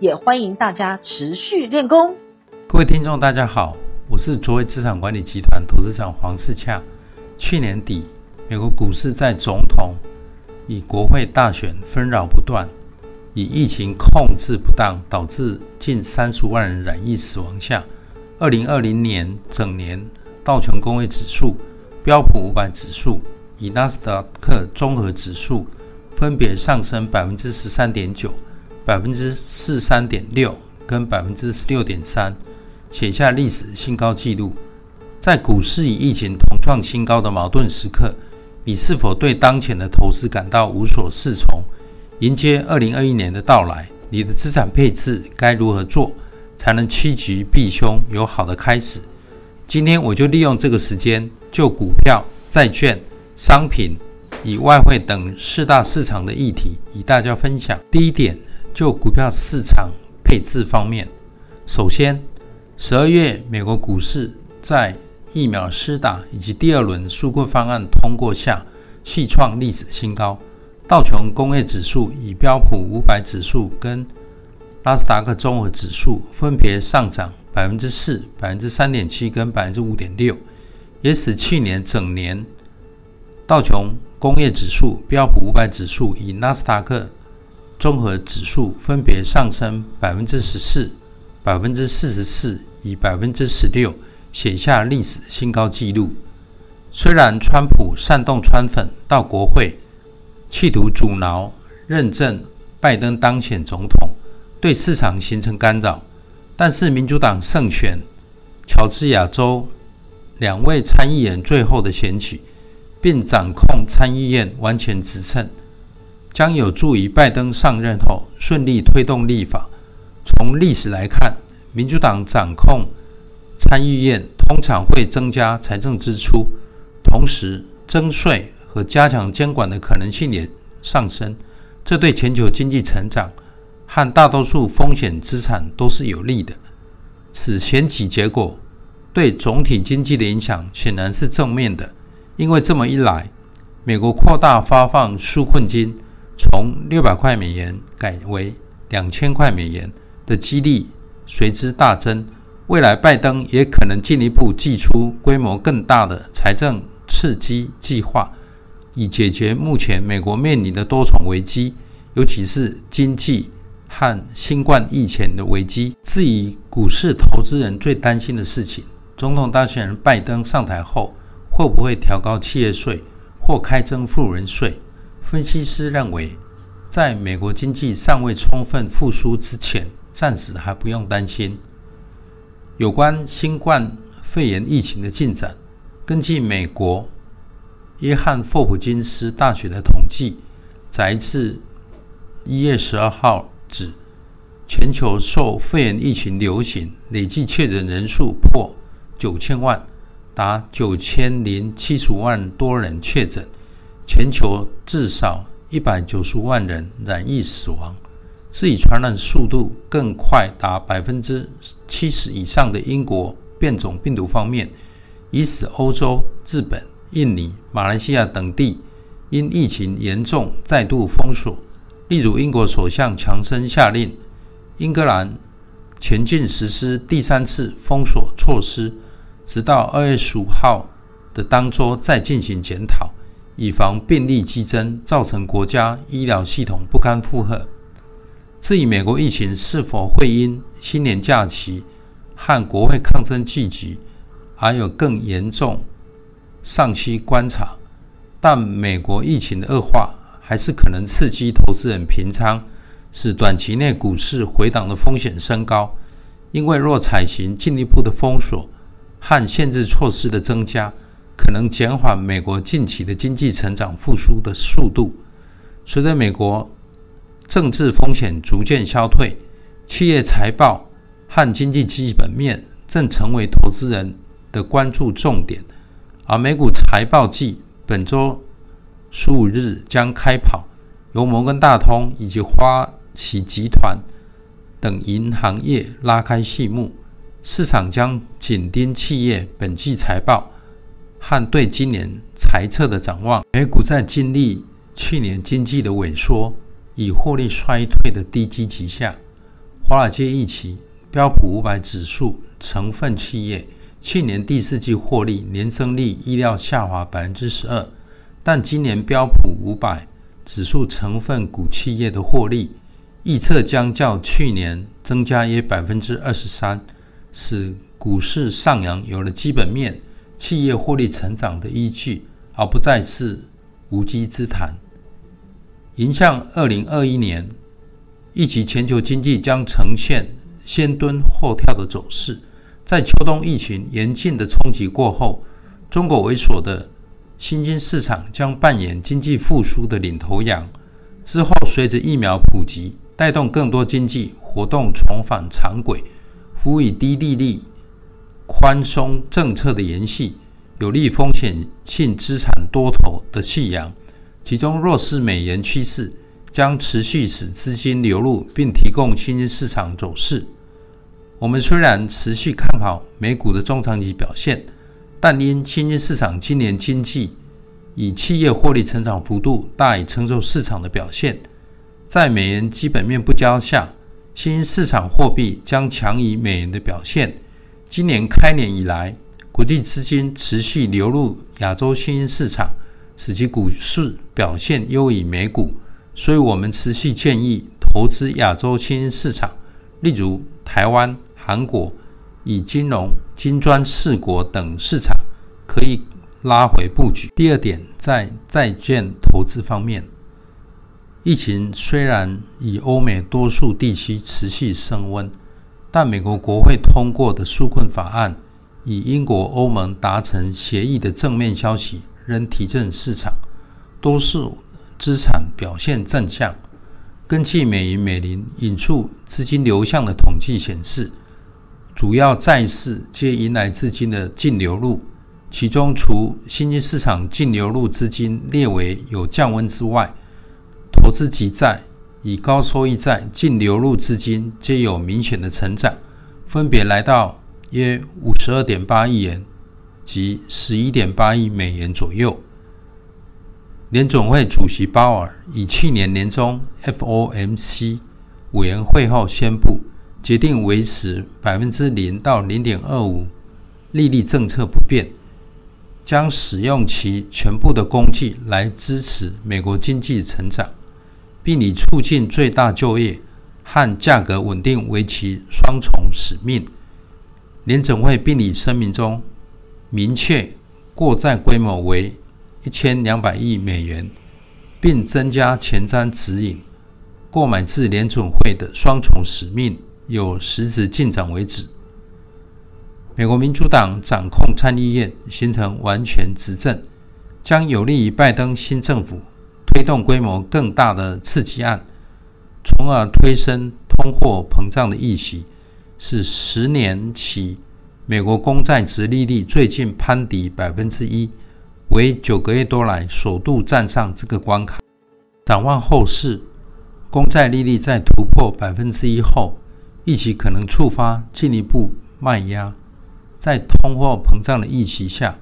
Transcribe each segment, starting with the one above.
也歡迎大家持續練功。各位聽眾，大家好，我是卓越資產管理集團投資長黃世洽。去年底，美國股市在總統與國會大選紛擾不斷，以疫情控制不當導致近三十萬人染疫死亡下，二零二零年整年道瓊工業指數、標普五百指數與納斯達克綜合指數分別上升百分之十三點九。百分之四十三點六跟百分之十六點三寫下歷史新高記錄，在股市與疫情同創新高的矛盾時刻，你是否對當前的投資感到無所適從？迎接二零二一年的到來，你的資產配置該如何做才能趨吉避凶，有好的開始？今天我就利用這個時間，就股票、債券、商品以外匯等四大市場的議題與大家分享。第一點。就股票市場配置方面，首先，十二月美國股市在疫苗施打以及第二輪紓困方案通過下，續創歷史新高。道瓊工業指數、以標普五百指數跟納斯達克綜合指數分別上漲百分之四、百分之三點七跟百分之五點六，也使去年整年道瓊工業指數、標普五百指數以納斯達克綜合指數分別上升百分之十四、百分之四十四與百分之十六，寫下歷史新高紀錄。雖然川普煽動川粉到國會，企圖阻撓認證拜登當選總統，對市場形成干擾，但是民主黨勝選，喬治亞州兩位參議員最後的選舉，並掌控參議院完全執政。將有助於拜登上任後順利推動立法。從歷史來看，民主黨掌控參議院通常會增加財政支出，同時徵稅和加強監管的可能性也上升。這對全球經濟成長和大多數風險資產都是有利的。此選舉結果對總體經濟的影響顯然是正面的，因為這麼一來，美國擴大發放紓困金，從六百塊美元改為兩千塊美元的機率，隨之大增。未來拜登也可能進一步祭出規模更大的財政刺激計劃，以解決目前美國面臨的多重危機，尤其是經濟和新冠疫情的危機。至於股市投資人最擔心的事情，總統當選人拜登上台後會不會調高企業稅或開徵富人稅？分析師認為，在美國經濟尚未充分復甦之前，暫時還不用擔心有關新冠肺炎疫情的進展。根據美國約翰霍普金斯大學的統計，截至一月十二號止，全球受肺炎疫情流行累計確診人數破九千萬，達九千零七十萬多人確診。全球至少一百九十萬人染疫死亡。至於傳染速度更快達70、達百分之七十以上的英國變種病毒方面，已使歐洲、日本、印尼、馬來西亞等地因疫情嚴重再度封鎖。例如，英國首相強生下令英格蘭前進實施第三次封鎖措施，直到二月十五號的當周再進行檢討。以防病例激增造成國家醫療系統不堪負荷。至於美國疫情是否會因新年假期和國會抗爭聚集而有更嚴重，尚需觀察。但美國疫情的惡化還是可能刺激投資人平倉，使短期內股市回檔的風險升高。因為若採取進一步的封鎖和限制措施的增加。可能減緩美國近期的經濟成長復甦的速度。隨着美國政治風險逐漸消退，企業財報和經濟基本面正成為投資人的關注重點。而美股財報季本週十五日將開跑，由摩根大通以及花旗集團等銀行業拉開序幕，市場將緊盯企業本季財報。和對今年財測的展望。美股在經歷去年經濟的萎縮與獲利衰退的低基期下，華爾街預期標普五百指數成分企業去年第四季獲利年增率預料下滑百分之十二，但今年標普五百指數成分股企業的獲利預測將較去年增加約百分之二十三，使股市上揚有了基本面。企業獲利成長的依據，而不再是無稽之談。迎向二零二一年，一起全球經濟將呈現先蹲後跳的走勢。在秋冬疫情嚴峻的衝擊過後，中國為首的新興市場將扮演經濟復甦的領頭羊。之後，隨着疫苗普及，帶動更多經濟活動重返常軌，輔以低利率。寬鬆政策的延續有利風險性資產多頭的信仰，其中弱勢美元趨勢將持續使資金流入，並提供新興市場走勢。我們雖然持續看好美股的中長期表現，但因新興市場今年經濟以企業獲利成長幅度大於成熟市場的表現，在美元基本面不佳下，新興市場貨幣將強於美元的表現。今年開年以來，國際資金持續流入亞洲新興市場，使其股市表現優於美股，所以我們持續建議投資亞洲新興市場，例如台灣、韓國以金融金磚四國等市場，可以拉回布局。第二點，在債券投資方面，疫情雖然以歐美多數地區持續升溫。但美國國會通過的紓困法案，與英國歐盟達成協議的正面消息，仍提振市場，多數資產表現正向。根據美銀美林引出資金流向的統計顯示，主要債市皆迎來資金的淨流入，其中除新興市場淨流入資金列為有降溫之外，投資級債。以高收益債淨流入資金皆有明顯的成長，分別來到約五十二點八億元及十一點八億美元左右。聯準會主席鮑爾以去年年中 FOMC 委員會後宣布，決定維持百分之零到零點二五利率政策不變，將使用其全部的工具來支持美國經濟成長。並以促進最大就業和價格穩定為其雙重使命。聯準會並於聲明中明確，購債規模為一千兩百億美元，並增加前瞻指引，購買至聯準會的雙重使命有實質進展為止。美國民主黨掌控參議院，形成完全執政，將有利於拜登新政府。推動規模更大的刺激案，從而推升通貨膨脹的預期，是十年期美國公債殖利率最近攀抵百分之一，為九個月多來首度站上這個關卡。展望後市，公債利率在突破百分之一後，預期可能觸發進一步賣壓。在通貨膨脹的預期下，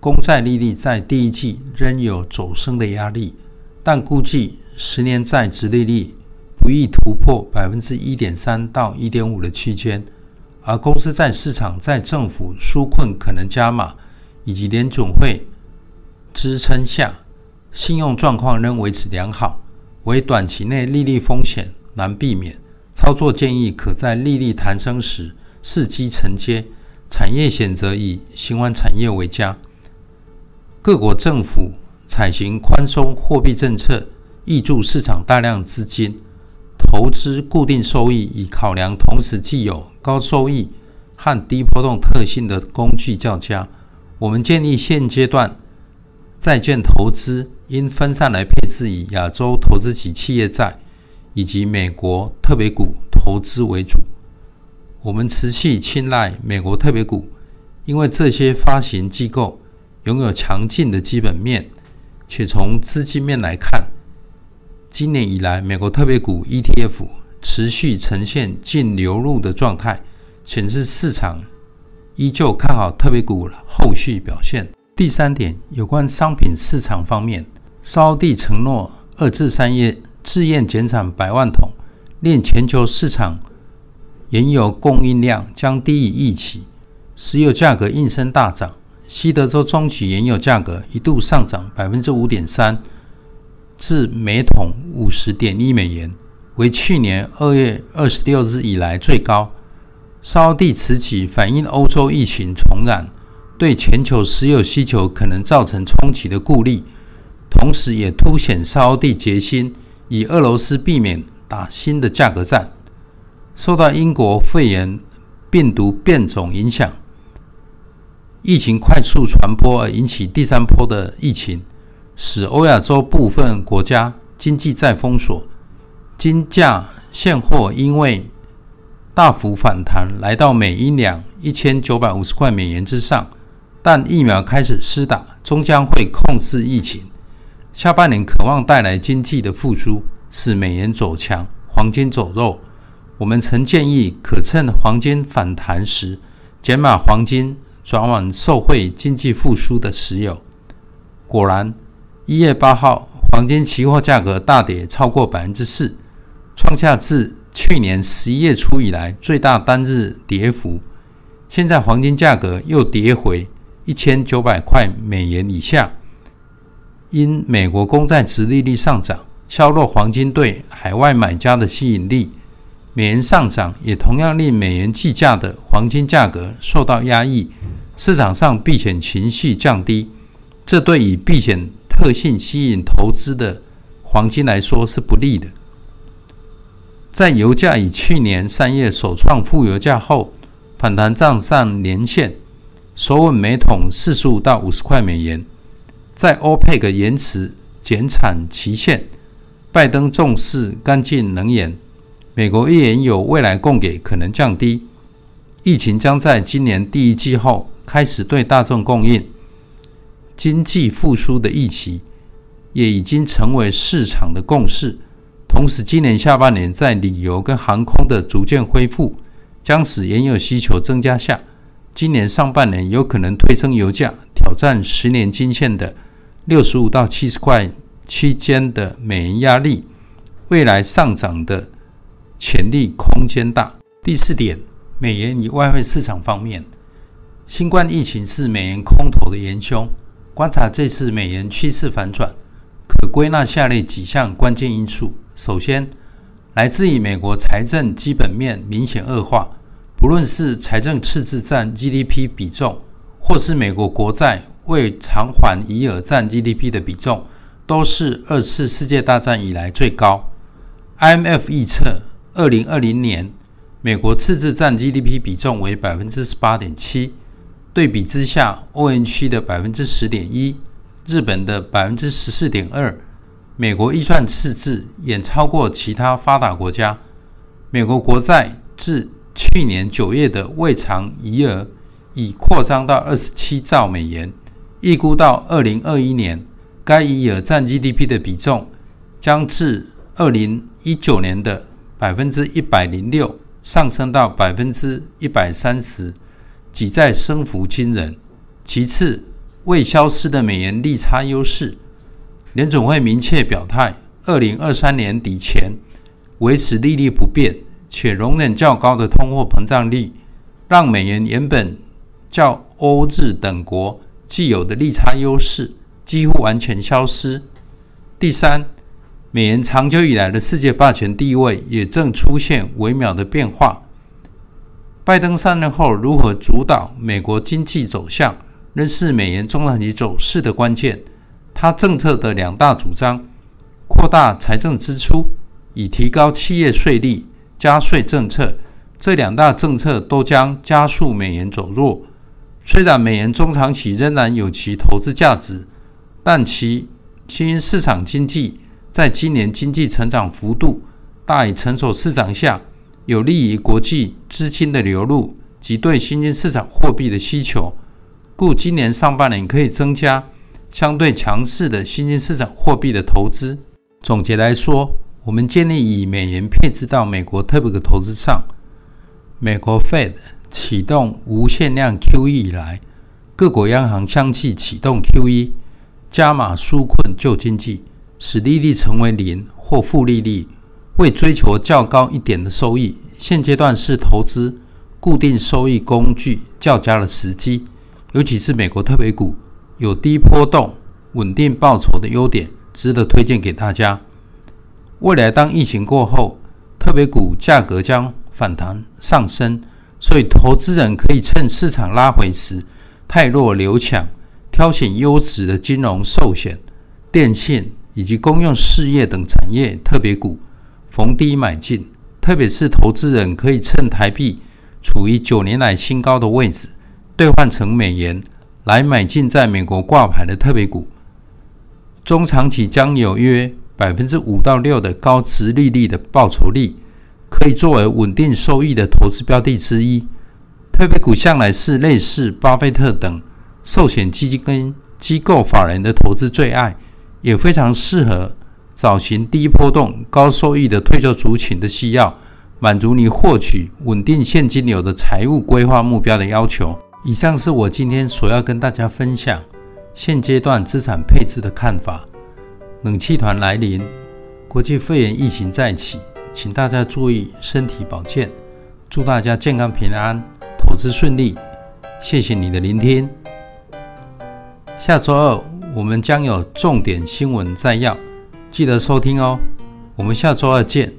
公債利率在第一季仍有走升的壓力。但估計十年債殖利率不易突破百分之一點三到一點五的區間，而公司債市場在政府紓困可能加碼以及聯準會支撐下，信用狀況仍維持良好，為短期內利率風險難避免。操作建議可在利率彈升時伺機承接，產業選擇以循環產業為佳。各國政府採行寬鬆貨幣政策，挹注市場大量資金，投資固定收益以考量同時具有高收益和低波動特性的工具較佳。我們建議現階段債券投資應分散來配置，以亞洲投資級企業債以及美國特別股投資為主。我們持續青睞美國特別股，因為這些發行機構擁有強勁的基本面。且從資金面來看，今年以來，美國特別股 ETF 持續呈現淨流入的狀態，顯示市場依舊看好特別股後續表現。第三點，有關商品市場方面，沙地承諾二至三月自願減產百萬桶，令全球市場原油供應量將低於預期，石油價格應聲大漲。西德州中級原油價格一度上漲百分之五點三，至每桶五十點一美元，為去年二月二十六日以來最高。沙烏地此舉反映歐洲疫情重燃，對全球石油需求可能造成衝擊的顧慮，同時也凸顯沙烏地決心以俄羅斯避免打新的價格戰。受到英國肺炎病毒變種影響。疫情快速傳播而引起第三波的疫情，使歐亞洲部分國家經濟再封鎖，金價現貨因為大幅反彈來到每英兩一千九百五十塊美元之上。但疫苗開始施打，終將會控制疫情。下半年可望帶來經濟的復甦，使美元走強，黃金走弱。我們曾建議可趁黃金反彈時減碼黃金。轉往受惠經濟復甦的石油。果然，一月八號，黃金期貨價格大跌超過百分之四，創下自去年十一月初以來最大單日跌幅。現在黃金價格又跌回一千九百塊美元以下，因美國公債殖利率上漲，削弱黃金對海外買家的吸引力。美元上漲也同樣令美元計價的黃金價格受到壓抑，市場上避險情緒降低，這對以避險特性吸引投資的黃金來說是不利的。在油價以去年三月首創負油價後反彈站上年線，收穩每桶四十五到五十塊美元。在 OPEC 延遲減產期限，拜登重視乾淨能源。美國頁岩油未來供給可能降低，疫情將在今年第一季後開始對大眾供應。經濟復甦的預期也已經成為市場的共識。同時，今年下半年在旅遊跟航空的逐漸恢復，將使原油需求增加下，今年上半年有可能推升油價，挑戰十年均線的六十五到七十塊區間的美元壓力。未來上漲的潛力空間大。第四點，美元與外匯市場方面，新冠疫情是美元空頭的元凶。觀察這次美元趨勢反轉，可歸納下列幾項關鍵因素：首先，來自於美國財政基本面明顯惡化，不論是財政赤字占 GDP 比重，或是美國國債未償還餘額占 GDP 的比重，都是二次世界大戰以來最高。IMF 預測。二零二零年，美國赤字占 GDP 比重為百分之十八點七，對比之下，歐元區的百分之十點一，日本的百分之十四點二，美國預算赤字遠超過其他發達國家。美國國債自去年九月的未償餘額已擴張到二十七兆美元，預估到二零二一年，該餘額占 GDP 的比重將至二零一九年的。百分之一百零六上升到百分之一百三十，幾在升幅驚人。其次，未消失的美元利差優勢，聯準會明確表態，二零二三年底前維持利率不變，且容忍較高的通貨膨脹率，讓美元原本較歐日等國既有的利差優勢幾乎完全消失。第三。美元長久以來的世界霸權地位也正出現微妙的變化。拜登上任後如何主導美國經濟走向，仍是美元中長期走勢的關鍵。他政策的兩大主張：擴大財政支出以提高企業稅率；加稅政策，這兩大政策都將加速美元走弱。雖然美元中長期仍然有其投資價值，但其新興市場經濟。在今年經濟成長幅度大於成熟市場下，有利於國際資金的流入及對新興市場貨幣的需求，故今年上半年可以增加相對強勢的新興市場貨幣的投資。總結來說，我們建議以美元配置到美國特別的投資上。美國 Fed 啟動無限量 QE 以來，各國央行相繼啟動 QE，加碼紓困救經濟。使利率成為零或負利率，為追求較高一點的收益，現階段是投資固定收益工具較佳的時機。尤其是美國特別股有低波動、穩定報酬的優點，值得推薦給大家。未來當疫情過後，特別股價格將反彈上升，所以投資人可以趁市場拉回時，汰弱留強，挑選優質的金融、壽險、電信。以及公用事業等產業特別股，逢低買進。特別是投資人可以趁台幣處於九年來新高的位置，兌換成美元來買進在美國掛牌的特別股。中長期將有約百分之五到六的高殖利率的報酬率，可以作為穩定收益的投資標的之一。特別股向來是類似巴菲特等壽險基金跟機構法人的投資最愛。也非常適合早型低波動、高收益的退休族群的需要，滿足你獲取穩定現金流的財務規劃目標的要求。以上是我今天所要跟大家分享現階段資產配置的看法。冷氣團來臨，國際肺炎疫情再起，請大家注意身體保健，祝大家健康平安，投資順利。謝謝你的聆聽。下周二。我們將有重點新聞摘要，記得收聽哦。我們下周二見。